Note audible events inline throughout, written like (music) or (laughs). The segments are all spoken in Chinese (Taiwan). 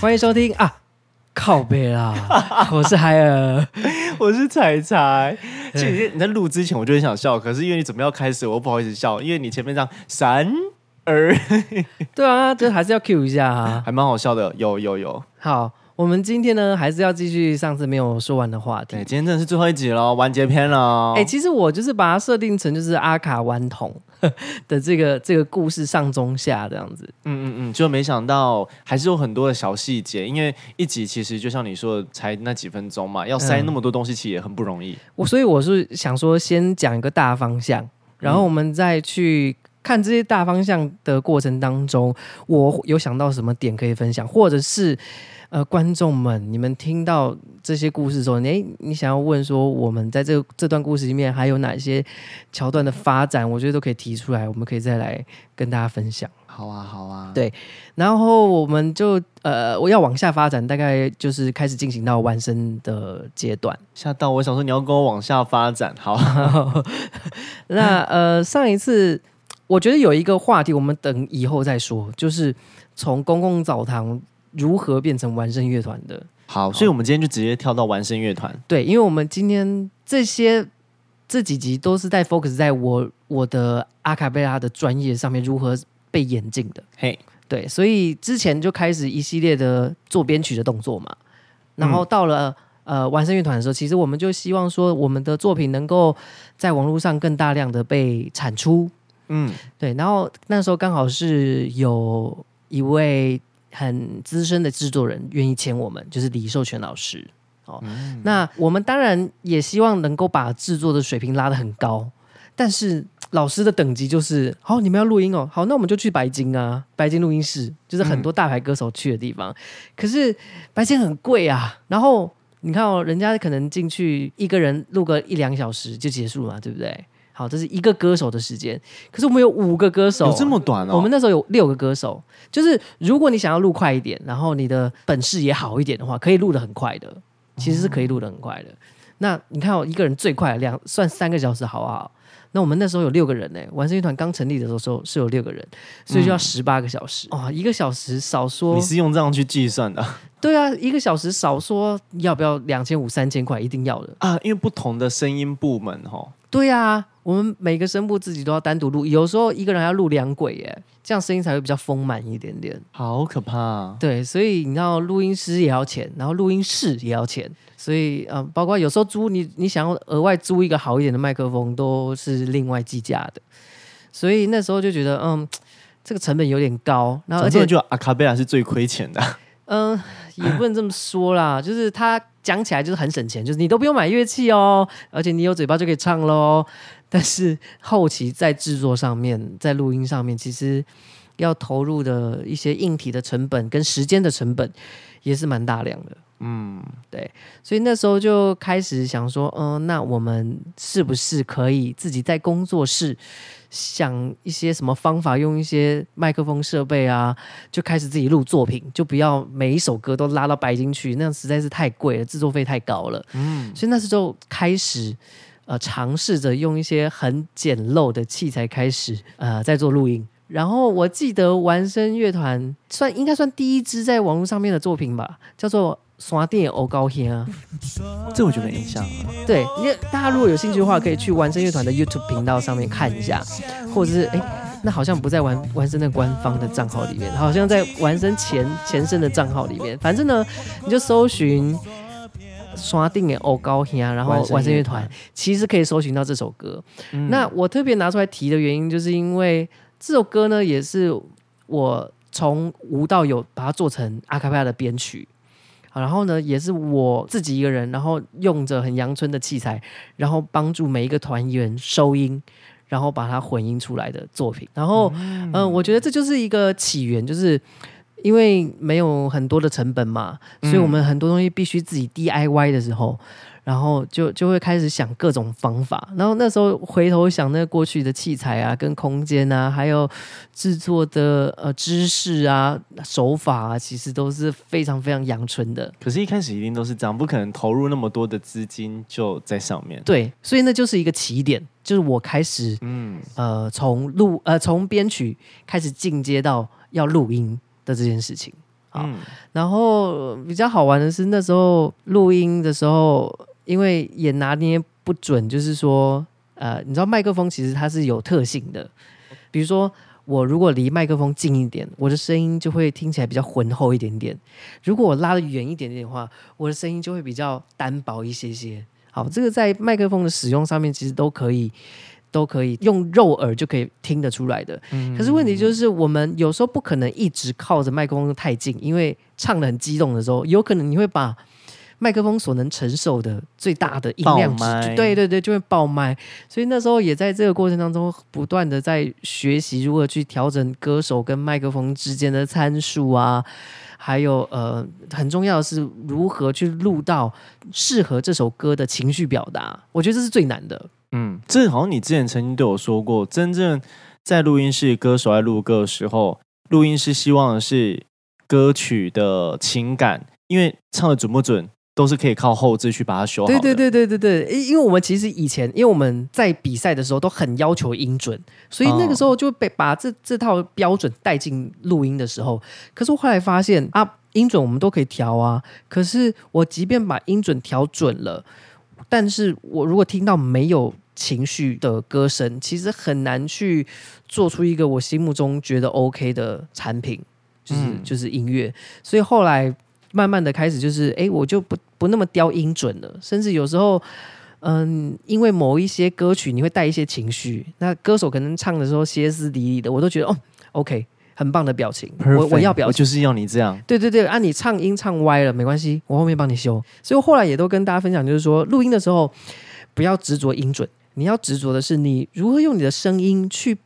歡迎收聽啊，靠背啦！ (laughs) 我是海爾，我是彩彩。其實你在錄之前我就很想笑，對可是因為你準備要開始，我不好意思笑，因為你前面這樣三二， (laughs) 對啊，這還是要 Q 一下啊，還蠻好笑的，有有有，有好。我們今天呢，還是要繼續上次沒有說完的話題。今天真的是最後一集嘍，完結篇咯。哎、欸，其實我就是把它設定成就是阿卡頑童的這個這個故事上中下的這樣子。嗯嗯嗯，就沒想到還是有很多的小細節，因為一集其實就像你說的，才那幾分鐘嘛，要塞那麼多東西，其實也很不容易。嗯、我所以我是想說，先講一個大方向，然後我們再去看這些大方向的過程當中，我有想到什麼點可以分享，或者是。呃，觀眾們，你們聽到這些故事的時候，你、誒你想要問說，我們在這這段故事裡面還有哪些橋段的發展？我覺得都可以提出來，我們可以再來跟大家分享。好啊，好啊，對。然後我們就呃，我要往下發展，大概就是開始進行到玩聲的階段。嚇到我，想說你要跟我往下發展。好啊， (laughs) (laughs) 那呃，上一次我覺得有一個話題，我們等以後再說，就是從公共澡堂。如何變成玩聲樂團的？好，所以我們今天就直接跳到玩聲樂團。好對，因為我們今天這些這幾集都是在 focus 在我我的阿卡貝拉的專業上面如何被演進的。嘿 Hey，對，所以之前就開始一系列的做編曲的動作嘛。然後到了、嗯、呃玩聲樂團的時候，其實我們就希望說我們的作品能夠在網絡上更大量的被產出。嗯，對。然後那時候剛好是有一位。很資深的製作人願意簽我們，就是李壽全老師哦。嗯、那我們當然也希望能夠把製作的水平拉得很高，但是老師的等級就是好、哦，你們要錄音哦，好，那我們就去白金啊，白金錄音室就是很多大牌歌手去的地方。嗯、可是白金很貴啊，然後你看哦，人家可能進去一個人錄個一兩小時就結束嘛，對不對？好，這是一個歌手的時間。可是我們有五個歌手，有這麼短啊、哦？我們那時候有六個歌手，就是如果你想要錄快一點，然後你的本事也好一點的話，可以錄得很快的，其實是可以錄得很快的。嗯、那你看，我一個人最快兩算三個小時好不好？那我們那時候有六個人呢、欸，玩聲樂團剛成立的時候，是有六個人，所以就要十八個小時啊、嗯哦，一個小時少說。你是用這樣去計算的？對啊，一個小時少說要不要兩千五三千塊，一定要的啊，因為不同的聲音部門哈、哦。對啊。我們每個聲部自己都要單獨錄，有時候一個人要錄兩軌耶，這樣聲音才會比較豐滿一點點。好可怕啊！對，所以你知道，錄音師也要錢，然後錄音室也要錢，所以嗯，包括有時候租你，你想要額外租一個好一點的麥克風都是另外計價的。所以那時候就覺得，嗯，這個成本有點高。而且就阿卡貝拉是最虧錢的。嗯，也不能這麼說啦，就是他講起來就是很省錢，就是你都不用買樂器哦，而且你有嘴巴就可以唱嘍。但是後期在製作上面，在錄音上面，其實要投入的一些硬體的成本跟時間的成本也是蠻大量的。嗯，對，所以那時候就開始想說，嗯、呃，那我們是不是可以自己在工作室想一些什麼方法，用一些麥克風設備啊，就開始自己錄作品，就不要每一首歌都拉到北京去，那樣實在是太貴了，製作費太高了。嗯，所以那時候開始。呃，嘗試着用一些很簡陋的器材開始，呃，在做錄音。然後我記得玩聲樂團算應該算第一支在網絡上面的作品吧，叫做《刷電偶》。高天》啊。這我覺得印象。 (laughs) 對，你大家如果有興趣的話，可以去玩聲樂團的 YouTube 頻道上面看一下，或者是哎，那好像不在玩玩聲的官方的賬號裡面，好像在玩聲前前身的賬號裡面。反正呢，你就搜尋。刷定的哦高音，然後玩聲樂團其實可以搜尋到這首歌。嗯、那我特別拿出來提的原因，就是因為這首歌呢，也是我從無到有把它做成阿卡貝拉的編曲，然後呢，也是我自己一個人，然後用着很陽春的器材，然後幫助每一個團員收音，然後把它混音出來的作品。然後，嗯，嗯，嗯，嗯，我覺得這就是一個起源，就是。因為沒有很多的成本嘛，嗯、所以我們很多東西必須自己 DIY 的時候，然後就就會開始想各種方法。然後那時候回頭想，那過去的器材啊、跟空間啊，還有制作的呃知識啊、手法啊，其實都是非常非常陽春的。可是，一開始一定都是這樣，不可能投入那麼多的資金就在上面。對，所以那就是一個起點，就是我開始嗯呃，從錄呃從編曲開始進階到要錄音的這件事情，嗯，然後，呃，比較好玩的是，那時候錄音的時候，因為也拿捏不準，就是說，呃，你知道麥克風其實它是有特性的，比如說我如果離麥克風近一點，我的聲音就會聽起來比較渾厚一點點；如果我拉得遠一點點的話，我的聲音就會比較單薄一些些。好，這個在麥克風的使用上面其實都可以。都可以用肉耳就可以聽得出來的，嗯、可是問題就是我們有時候不可能一直靠着麥克風太近，因為唱的很激動的時候，有可能你會把麥克風所能承受的最大的音量，爆麥。就，對對對，就會爆麥。所以那時候也在這個過程當中不斷的在學習如何去調整歌手跟麥克風之間的參數啊，還有呃，很重要的是如何去錄到適合這首歌的情緒表達，我覺得這是最難的。嗯，這好像你之前曾經對我說過，真正在錄音室歌手在錄歌的時候，錄音師希望的是歌曲的情感，因為唱的準不準都是可以靠後製去把它修好的。對對對對對對，因為我們其實以前因為我們在比賽的時候都很要求音準，所以那個時候就被、哦、把這這套標準帶進錄音的時候。可是我後來發現啊，音準我們都可以調啊，可是我即便把音準調準了，但是我如果聽到沒有情緒的歌聲，其實很難去做出一個我心目中覺得 OK 的產品，就是、嗯、就是音樂。所以後來慢慢的開始，就是哎，我就不不那麼刁音準了，甚至有時候，嗯，因為某一些歌曲你會帶一些情緒，那歌手可能唱的時候歇斯底里的，我都覺得哦，OK。很棒的表情，Perfect，我我要表情，我就是要你這樣。對對對，啊，你唱音唱歪了沒關係，我後面幫你修。所以我後來也都跟大家分享，就是說錄音的時候不要執着音準，你要執着的是你如何用你的聲音去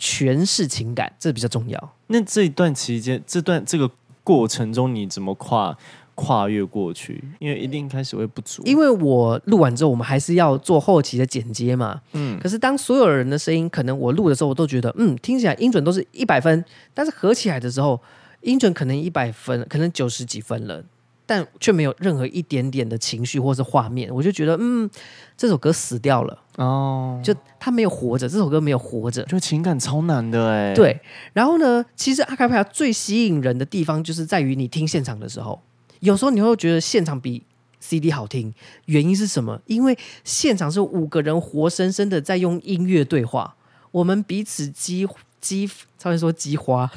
詮釋情感，這比較重要。那這一段期間，這段這個過程中，你怎麼跨？跨越過去，因為一定開始會不足。因為我錄完之後，我們還是要做後期的剪接嘛。嗯，可是當所有人的聲音，可能我錄的時候，我都覺得嗯，聽起來音準都是一百分，但是合起來的時候，音準可能一百分，可能九十幾分了，但卻沒有任何一點點的情緒或是畫面，我就覺得嗯，這首歌死掉了哦，就他沒有活着，這首歌沒有活着，就情感超難的哎、欸。對，然後呢，其實阿卡貝拉最吸引人的地方，就是在於你聽現場的時候。有時候你會覺得現場比 CD 好聽，原因是什麼？因為現場是五個人活生生的在用音樂對話，我們彼此激激，稍微說激花，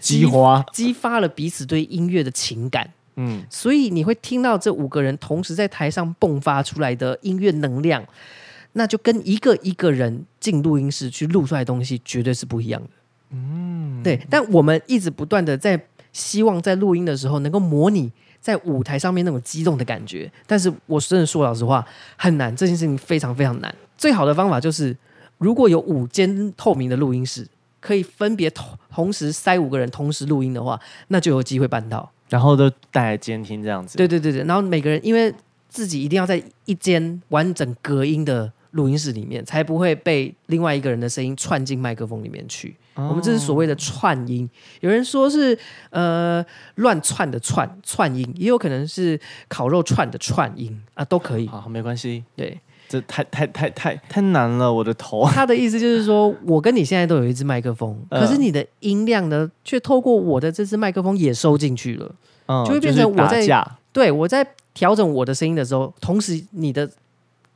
激，激花激發了彼此對音樂的情感。嗯，所以你會聽到這五個人同時在台上迸發出來的音樂能量，那就跟一個一個人進錄音室去錄出來的東西絕對是不一樣的。嗯，對。但我們一直不斷的在希望在錄音的時候能夠模擬。在舞台上面那種激動的感覺，但是我真的說老實話很難，這件事情非常非常難。最好的方法就是，如果有五間透明的錄音室，可以分別同同時塞五個人同時錄音的話，那就有機會辦到。然後都戴監聽這樣子。對對對對，然後每個人因為自己一定要在一間完整隔音的錄音室裡面，才不會被另外一個人的聲音串進麥克風裡面去。我們這是所謂的串音，哦、有人說是呃亂串的串串音，也有可能是烤肉串的串音啊，都可以。好、哦，沒關係。對，這太太太太太難了，我的頭。他的意思就是說，我跟你現在都有一支麥克風，嗯、可是你的音量呢，卻透過我的這支麥克風也收進去了，嗯、就會變成我在對我在調整我的聲音的時候，同時你的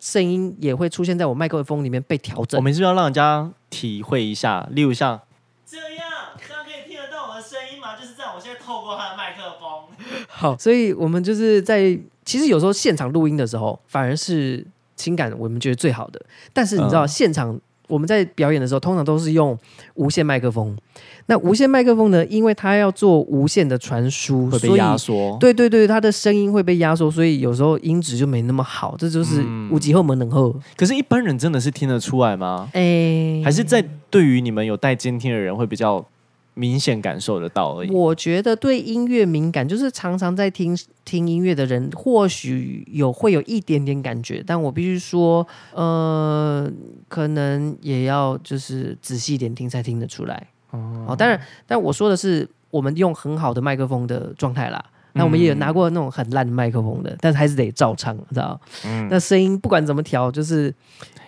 聲音也會出現在我麥克風裡面被調整。我們是要讓人家體會一下，例如像。好，所以我們就是在其實有時候現場錄音的時候，反而是情感我們覺得最好的。但是你知道，嗯、現場我們在表演的時候，通常都是用無線麥克風。那無線麥克風呢？因為它要做無線的傳輸，會被壓縮。對對對，它的聲音會被壓縮，所以有時候音質就沒那麼好。這就是無極後門冷後。嗯嗯、可是，一般人真的是聽得出來嗎？哎、欸，還是在對於你們有帶監聽的人會比較。明顯感受得到而已。我覺得對音樂敏感，就是常常在聽聽音樂的人或許，或許有會有一點點感覺，但我必須說，呃，可能也要就是仔細一點聽才聽得出來哦，哦。當然，但我說的是我們用很好的麥克風的狀態啦。那我們也有拿過那種很爛的麥克風的，但是還是得照唱，知道嗯，那聲音不管怎麼調，就是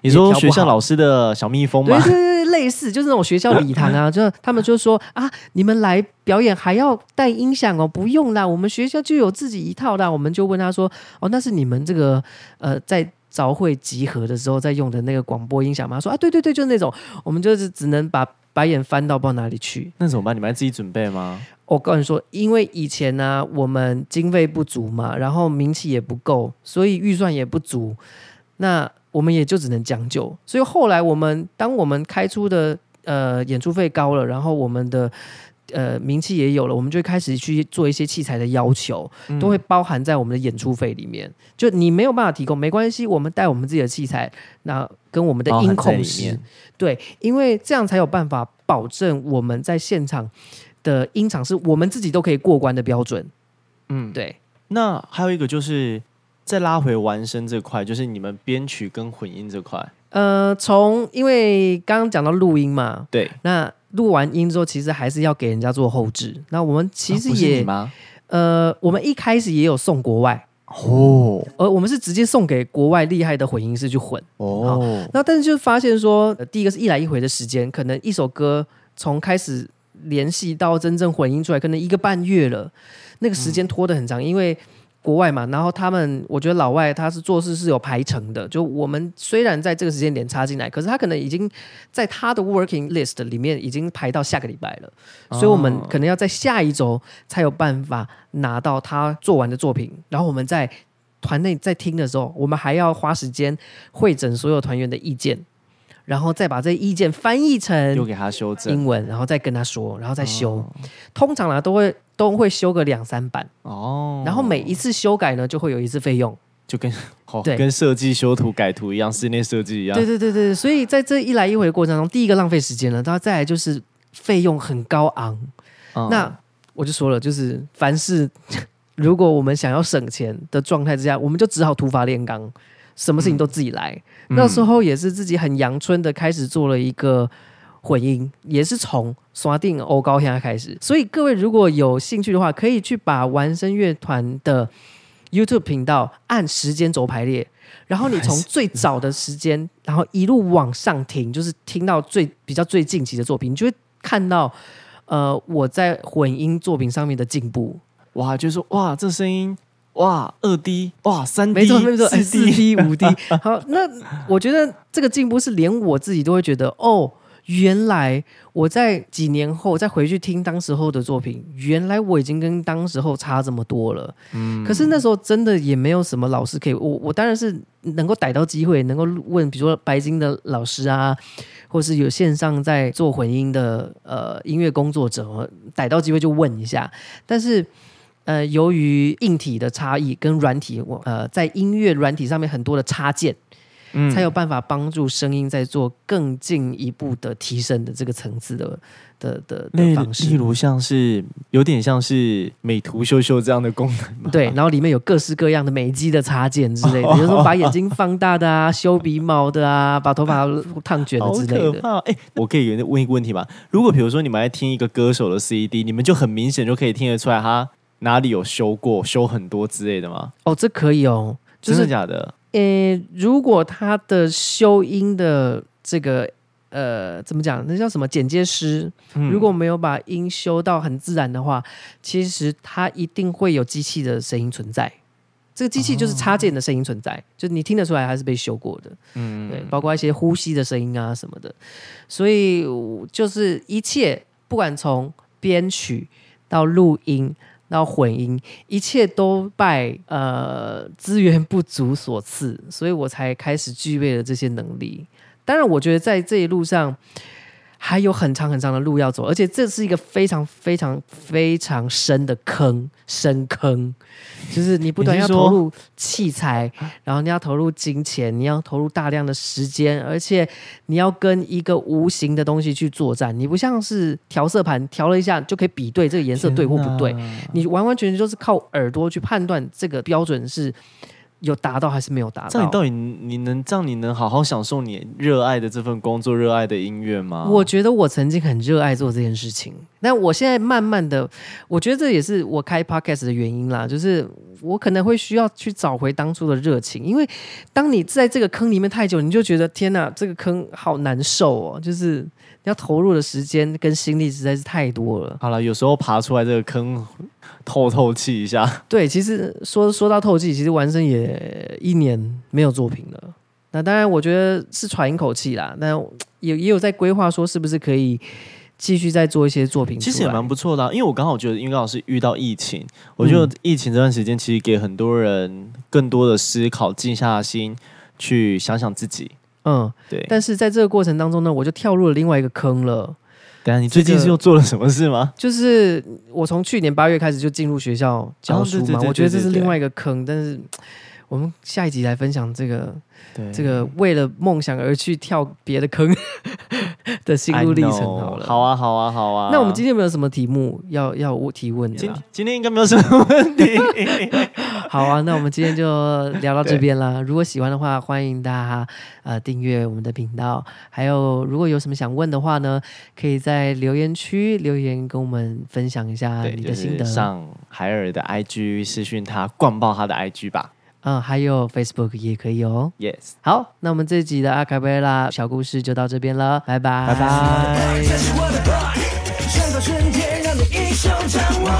你說學校老師的小蜜蜂嗎？對，對對對，類似就是那種學校禮堂啊，就他們就說啊，你們來表演還要帶音響哦？不用啦，我們學校就有自己一套啦。我們就問他說，哦，那是你們這個呃，在朝會集合的時候在用的那個廣播音響嗎？說啊，對對對，就是那種，我們就是只能把。白眼翻到不知道哪裡去，那怎麼辦？你們還自己準備嗎？我跟你說，因為以前呢、啊，我們經費不足嘛，然後名氣也不夠，所以預算也不足，那我們也就只能將就。所以後來我們，當我們開出的呃演出費高了，然後我們的。呃，名氣也有了，我們就開始去做一些器材的要求，嗯、都會包含在我們的演出費裡面。就你沒有辦法提供，沒關係，我們帶我們自己的器材。那跟我們的音控、哦、裡面對，因為這樣才有辦法保證我們在現場的音場是我們自己都可以過關的標準。嗯，對。那還有一個就是，再拉回玩聲這塊，就是你們編曲跟混音這塊。呃，從因為剛剛講到錄音嘛，對，那。錄完音之後，其實還是要給人家做後製。那我們其實也，啊、呃，我們一開始也有送國外哦，而我們是直接送給國外厲害的混音師去混哦，然後。那但是就發現說，呃，第一個是一來一回的時間，可能一首歌從開始聯繫到真正混音出來，可能一個半月了，那個時間拖得很長，嗯、因為。國外嘛，然後他們，我覺得老外他是做事是有排程的。就我們雖然在這個時間點插進來，可是他可能已經在他的 working list 裡面已經排到下個禮拜了，哦、所以我們可能要在下一周才有辦法拿到他做完的作品。然後我們在團內在聽的時候，我們還要花時間匯整所有團員的意見。然後再把這意見翻譯成，給他修正英文，然後再跟他說，然後再修。哦、通常呢，都會都會修個兩三版哦。然後每一次修改呢，就會有一次費用，就跟哦，對跟設計修圖改圖一樣，室內設計一樣。對對對對，所以在這一來一回的過程中，第一個浪費時間了，然後再來就是費用很高昂。嗯、那我就說了，就是凡是如果我們想要省錢的狀態之下，我們就只好土法煉鋼。什麼事情都自己來，嗯、那時候也是自己很陽春的開始做了一個混音，嗯、也是從刷定歐高現在開始。所以各位如果有興趣的話，可以去把玩聲樂團的 YouTube 頻道按時間軸排列，然後你從最早的時間，然後一路往上聽，就是聽到最比較最近期的作品，你就會看到，呃，我在混音作品上面的進步，哇，就是說哇，這聲音。哇，二 D，哇三 D，沒錯沒錯，四 D 五 D。 (laughs) 好，那我覺得這個進步是連我自己都會覺得，哦，原來我在幾年後再回去聽當時候的作品，原來我已經跟當時候差這麼多了。嗯，可是那時候真的也沒有什麼老師可以，我我當然是能夠逮到機會，能夠問，比如說白金的老師啊，或是有線上在做混音的呃音樂工作者，逮到機會就問一下，但是。呃，由於硬體的差異跟軟體，我呃，在音樂軟體上面很多的插件，嗯、才有辦法幫助聲音在做更進一步的提升的這個層次的的的。例如，例如像是有點像是美圖秀秀這樣的功能嘛，對，然後裡面有各式各樣的美肌的插件之類的，比如、哦、說把眼睛放大的啊，修鼻、哦、毛的啊，哦、把頭髮燙捲的之類的。哎，我可以問一個問題吧。如果比如說你們在聽一個歌手的 CD，你們就很明顯就可以聽得出來哈哪裡有修過、修很多之類的嗎？哦，這可以哦，就是、真的假的？呃、欸，如果他的修音的這個呃，怎麼講？那叫什麼？剪接師、嗯、如果沒有把音修到很自然的話，其實他一定會有機器的聲音存在。這個機器就是插件的聲音存在，哦、就你聽得出來，它是被修過的。嗯，對，包括一些呼吸的聲音啊什麼的。所以就是一切，不管從編曲到錄音。到混音，一切都拜呃，資源不足所賜，所以我才開始具備了這些能力。當然，我覺得在這一路上。還有很長很長的路要走，而且這是一個非常非常非常深的坑，深坑，就是你不斷要投入器材，然後你要投入金錢，啊、你要投入大量的時間，而且你要跟一個無形的東西去作戰。你不像是調色盤，調了一下就可以比對這個顏色對或不對，哪你完完全全就是靠耳朵去判斷這個標準是。有達到還是沒有達到？這樣你到底你能這樣？你能好好享受你熱愛的這份工作、熱愛的音樂嗎？我覺得我曾經很熱愛做這件事情，但我現在慢慢的，我覺得這也是我開 Podcast 的原因啦。就是我可能會需要去找回當初的熱情，因為當你在這個坑裡面太久，你就覺得天哪，這個坑好難受哦、喔，就是。要投入的時間跟心力實在是太多了。好了，有時候爬出來這個坑，透透氣一下。對，其實說說到透氣，其實玩聲也一年沒有作品了。那當然，我覺得是喘一口氣啦。那也也有在規劃，說是不是可以繼續再做一些作品。其實也蠻不錯的啊，因為我剛好覺得，因為剛好是遇到疫情，我覺得疫情這段時間其實給很多人更多的思考，靜下心去想想自己。嗯，對。但是在這個過程當中呢，我就跳入了另外一個坑了。對啊，你最近是又做了什麼事嗎？就是我從去年八月開始就進入學校教書嘛，我覺得這是另外一個坑，但是。我們下一集來分享這個對這個為了夢想而去跳別的坑的心路歷程好了，好啊，好啊，好啊。那我們今天有沒有什麼題目要要提問的？今今天應該沒有什麼問題。 (laughs) 好啊，那我們今天就聊到這邊啦。對如果喜歡的話，歡迎大家呃訂閱我們的頻道。還有，如果有什麼想問的話呢，可以在留言區留言跟我們分享一下你的心得。就是、上海爾的 IG 私訊他，灌爆他的 IG 吧。嗯，還有 Facebook 也可以哦。Yes，好，那我們這一集的阿卡貝拉小故事就到這邊了，拜拜，拜拜。 (music) (music)